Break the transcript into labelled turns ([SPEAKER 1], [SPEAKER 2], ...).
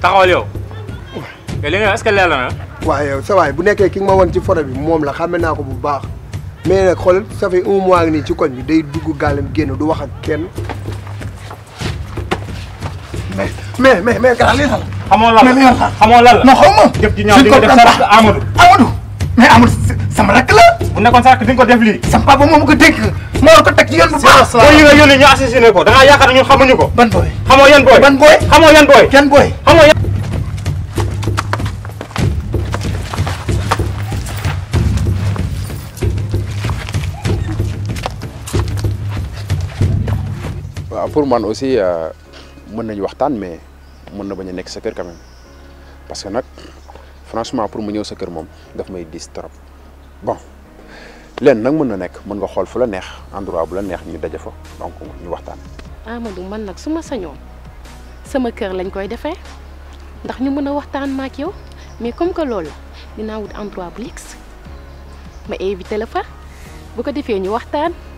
[SPEAKER 1] taxawal yow. mais li nga est-ce que leer na.
[SPEAKER 2] waaw yow sa waay bu nekkee ki nga ma won ci photo bi moom la xame naa ko bu baax mais nag xool ça fait un mois nii ci koñ bi day dugg gàllam génn du wax
[SPEAKER 1] ak kenn. mais mais mais mais gannaaw lii lan la. xamoo lan la mais lii lan la xamoo lan la. non xaw ma jëf ji ñaaw di nga def sa rakk Amadou. Amadou mais Amadou sama rakk la. bu nekkoon sa rakk di nga ko def lii. sama papa moom ko dégg moo ko boy, yoon boy, baax boy, yi boy, yónni boy, assassiné boy, da boy, yaakaar boy, xamuñu boy, ban boy, xamoo boy, booy boy, booy boy, yan boy, yan boy, xamoo boy,
[SPEAKER 3] waaw pour man aussi euh, mën boy, waxtaan mais mën na bañ boy, nekk sa kër quand même parce que boy, franchement pour mu boy, sa boy, moom daf may boy, trop bon leen nag mën na nekk mën nga xool fu la neex endroit bu la neex ñu daje fa donc ñu waxtaan.
[SPEAKER 4] Amadou man nag su ma sañoo sama kër lañ koy defee ndax ñu mën a waxtaan ma yow mais comme que loolu dinaa wut endroit bu luxe ma invité la fa bu ko defee ñu waxtaan